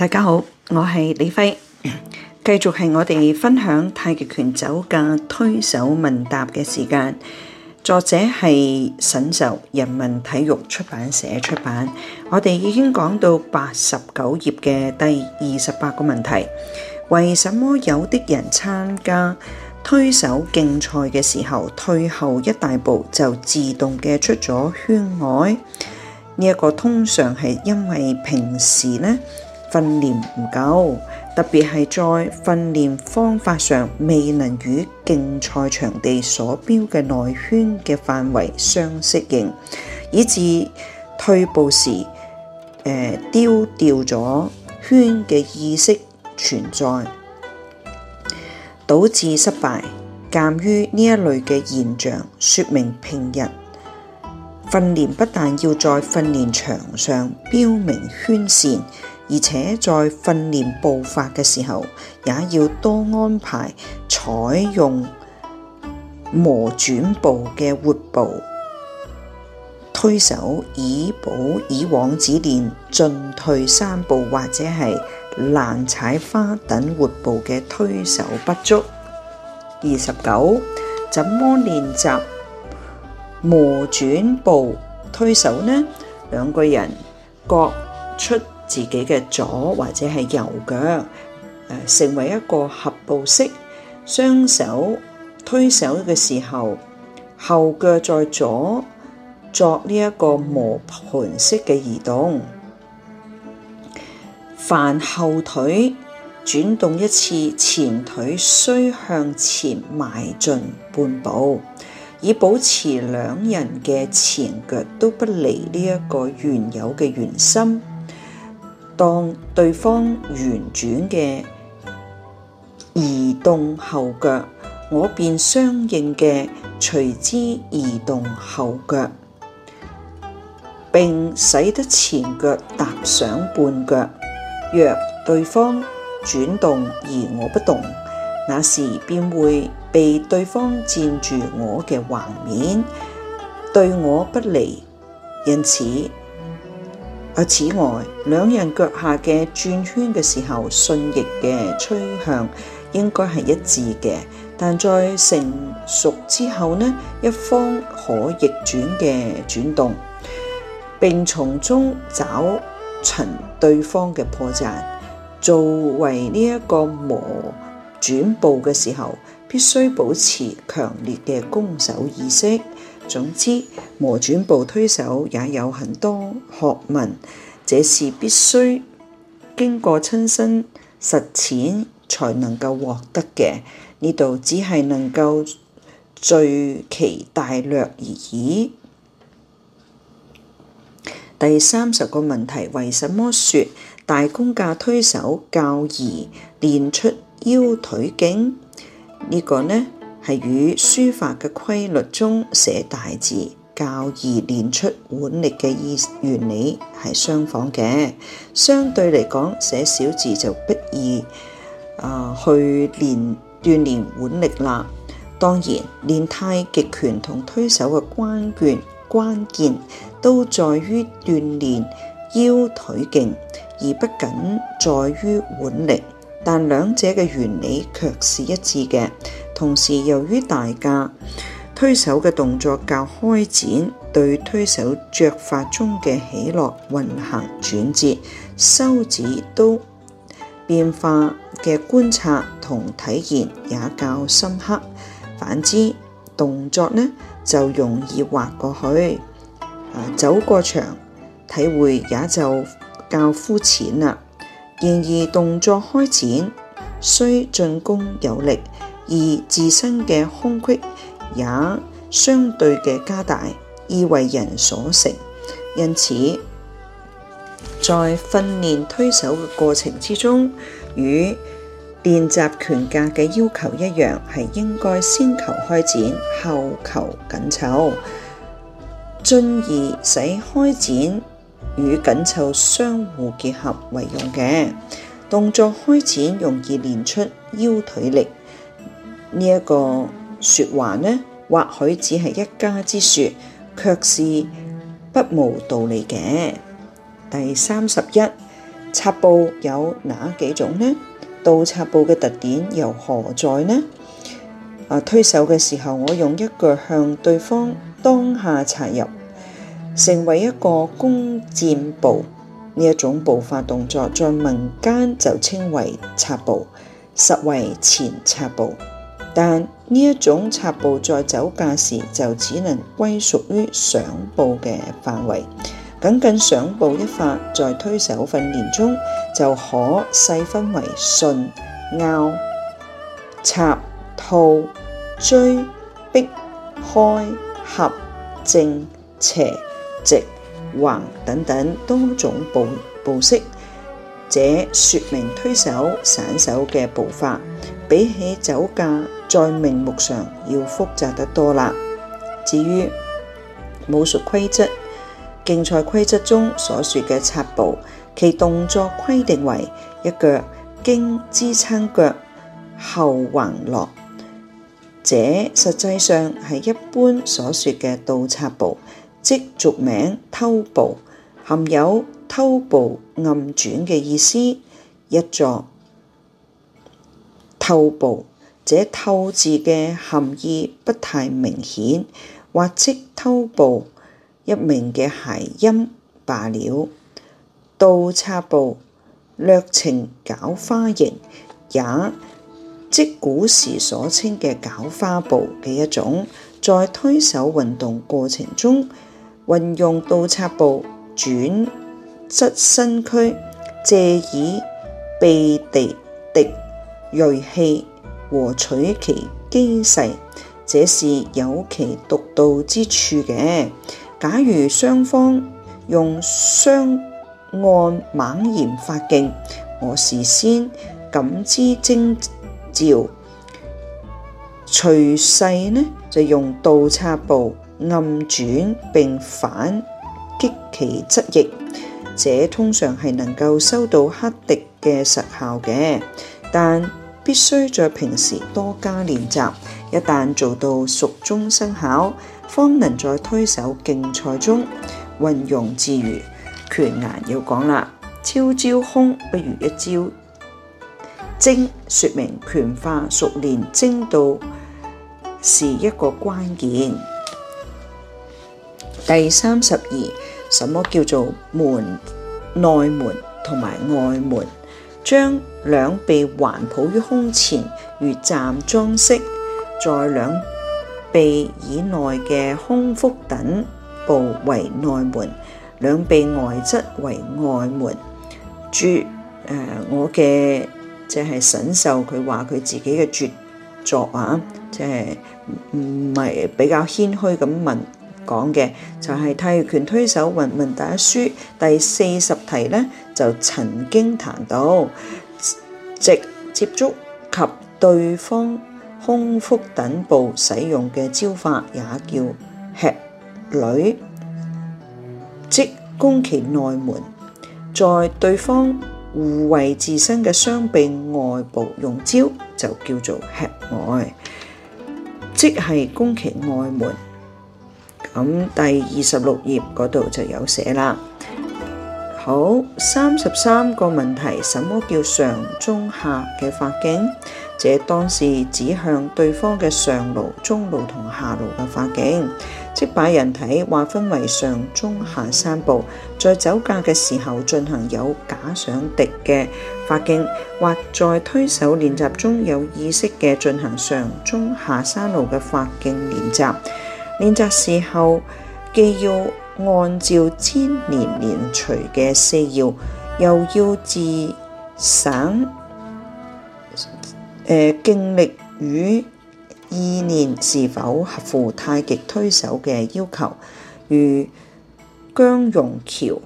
大家好，我係李輝，繼續係我哋分享太極拳走架推手問答嘅時間。作者係沈秀，人民體育出版社出版。我哋已經講到八十九頁嘅第二十八個問題，為什麼有啲人參加推手競賽嘅時候退後一大步就自動嘅出咗圈外？呢、這、一個通常係因為平時呢。訓練唔夠，特別係在訓練方法上未能與競賽場地所標嘅內圈嘅範圍相適應，以致退步時，誒丟掉咗圈嘅意識存在，導致失敗。鑒於呢一類嘅現象，說明平日訓練不但要在訓練場上標明圈線，而且在訓練步伐嘅時候，也要多安排採用磨轉步嘅活步推手，以補以往只練進退三步或者係難踩花等活步嘅推手不足。二十九，怎麼練習磨轉步推手呢？兩個人各出，自己嘅左或者係右腳，呃，成為一個合步式，雙手推手嘅時候，後腳在左，作呢一個磨盤式嘅移動。凡後腿轉動一次，前腿需向前邁進半步，以保持兩人嘅前腳都不離呢一個原有嘅圓心。當對方圓轉嘅移動後腳，我便相應嘅隨之移動後腳，並使得前腳踏上半腳。若對方轉動而我不動，那時便會被對方佔住我嘅橫面，對我不利。因此。此外，兩人腳下嘅轉圈嘅時候，順逆嘅趨向應該係一致嘅。但在成熟之後呢，一方可逆轉嘅轉動，並從中找尋對方嘅破綻。作為呢一個磨轉步嘅時候，必須保持強烈嘅攻守意識。總之，磨轉步推手也有很多學問，這是必須經過親身實踐才能夠獲得嘅。呢度只係能夠具其大略而已。第三十個問題，為什麼說大功架推手較易練出腰腿勁呢？這個呢？係與書法嘅規律中寫大字較易練出腕力嘅意原理係相仿嘅。相對嚟講，寫小字就不易啊，去練鍛鍊腕力啦。當然，練太極拳同推手嘅關鍵關鍵都在於鍛鍊腰腿勁，而不僅在於腕力。但兩者嘅原理卻是一致嘅。同時，由於大架推手嘅動作較開展，對推手着法中嘅起落、運行、轉折、收指都變化嘅觀察同體驗也較深刻。反之，動作呢就容易滑過去，走過場，體會也就較膚淺啦。然而，動作開展雖進攻有力。而自身嘅胸廓也相對嘅加大，易為人所乘。因此，在訓練推手嘅過程之中，與練習拳架嘅要求一樣，係應該先求開展，後求緊湊，進而使開展與緊湊相互結合為用嘅動作。開展容易練出腰腿力。呢一個説話呢，或許只係一家之説，卻是不無道理嘅。第三十一，插步有哪幾種呢？倒插步嘅特點又何在呢？啊，推手嘅時候，我用一腳向對方當下插入，成為一個弓箭步。呢一種步法動作，在民間就稱為插步，實為前插步。但呢一種插步在走架時就只能歸屬於上步嘅範圍。僅僅上步一法在推手訓練中就可細分為順拗插套追逼開合正斜直橫等等多種步步式，這說明推手散手嘅步伐比起走架，在名目上要複雜得多啦。至於武術規則、競賽規則中所說嘅插步，其動作規定為一腳經支撐腳後橫落，這實際上係一般所說嘅倒插步，即俗名偷步，含有偷步暗轉嘅意思，一作偷步。這透字嘅含義不太明顯，或即偷步一名嘅諧音罷了。倒插步略呈攪花形，也即古時所稱嘅攪花步嘅一種，在推手運動過程中，運用倒插步轉側身軀，借以避敵敵鋭氣。和取其機勢，這是有其獨到之處嘅。假如雙方用雙按猛然發勁，我事先感知徵兆，隨勢呢就用倒插步暗轉並反擊其側翼，這通常係能夠收到克敵嘅實效嘅，但，必須在平時多加練習，一旦做到熟中生巧，方能在推手競賽中運用自如。拳言要講啦，千招空不如一招精，說明拳法熟練，熟練精到是一個關鍵。第三十二，什麼叫做門？內門同埋外門。將兩臂環抱於胸前，如站樁式。在兩臂以內嘅胸腹等部位為內門，兩臂外側為外門。絕，誒我嘅即係沈壽佢話佢自己嘅絕作啊，即係唔係比較謙虛咁問講嘅，就係《太極拳推手問答一書》第四十題呢。就曾經談到，直接觸及對方胸腹等部使用嘅招法，也叫吃裏；即攻其內門，在對方護衞自身嘅雙臂外部用招，就叫做吃外；即係攻其外門。咁第二十六頁嗰度就有寫啦。好，三十三個問題，什麼叫上、中、下嘅發勁？這當是指向對方嘅上路、中路同下路嘅發勁，即把人體劃分為上、中、下三部，在走架嘅時候進行有假想敵嘅發勁，或在推手練習中有意識嘅進行上、中、下三路嘅發勁練習。練習時候既要。按照千年年除嘅四要，又要自省，誒、呃，勁力與意念是否合乎太極推手嘅要求？如姜容橋、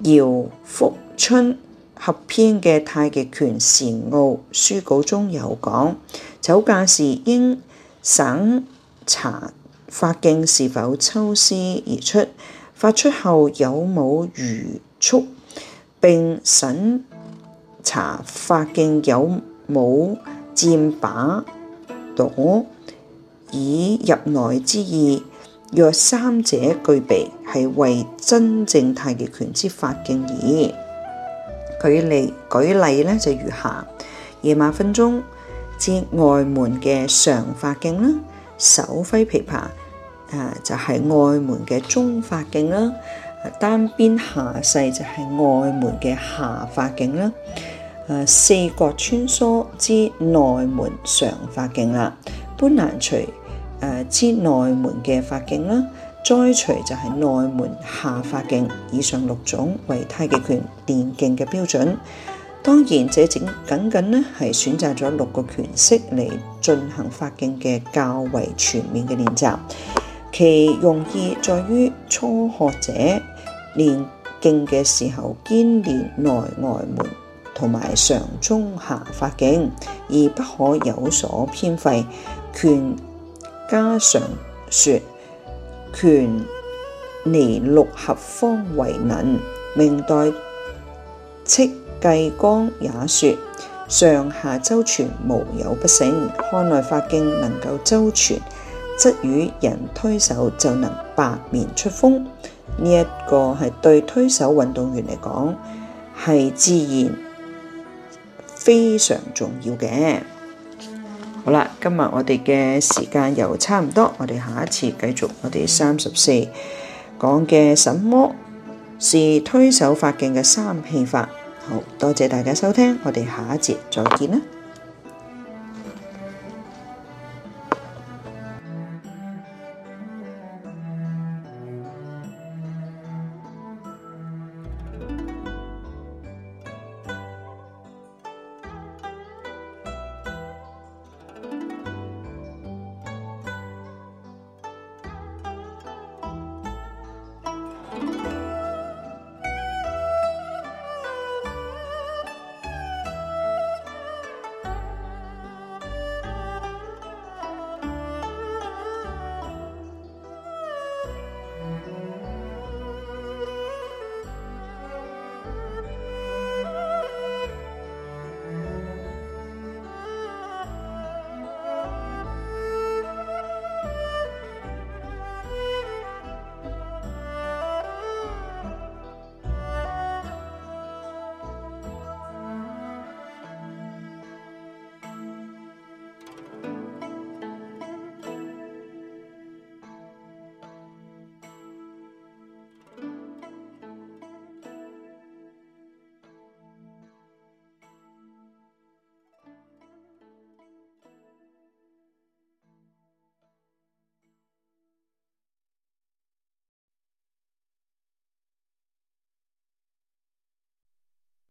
姚福春合編嘅《太極拳禪奧》書稿中有講，酒駕時應省察。發勁是否抽絲而出？發出後有冇餘束？並審查發勁有冇占把躲，以入內之意。若三者具備，係為真正太極拳之發勁矣。舉例，舉例咧就如下：野馬分鬃至外門嘅長發勁啦，手揮琵琶，誒就係外門嘅中法勁啦，單邊下勢就係外門嘅下法勁啦，誒四角穿梭之內門上法勁啦，搬攔捶誒之內門嘅法勁啦，栽捶就係內門下法勁，以上六種為太極拳練勁嘅標準。當然，這整僅僅呢係選擇咗六個拳式嚟進行法勁嘅較為全面嘅練習。其用意在於初學者練勁嘅時候，兼練內外門同埋上中下法勁，而不可有所偏廢。拳家常說：拳離六合方為能。明代戚繼光也說：上下周全無有不勝。看內法勁能夠周全。則與人推手就能百面出風，呢、這、一個係對推手運動員嚟講係自然非常重要嘅。好啦，今日我哋嘅時間又差唔多，我哋下一次繼續我哋三十四講嘅什麼是推手發勁嘅三氣法。好多謝大家收聽，我哋下一節再見啦。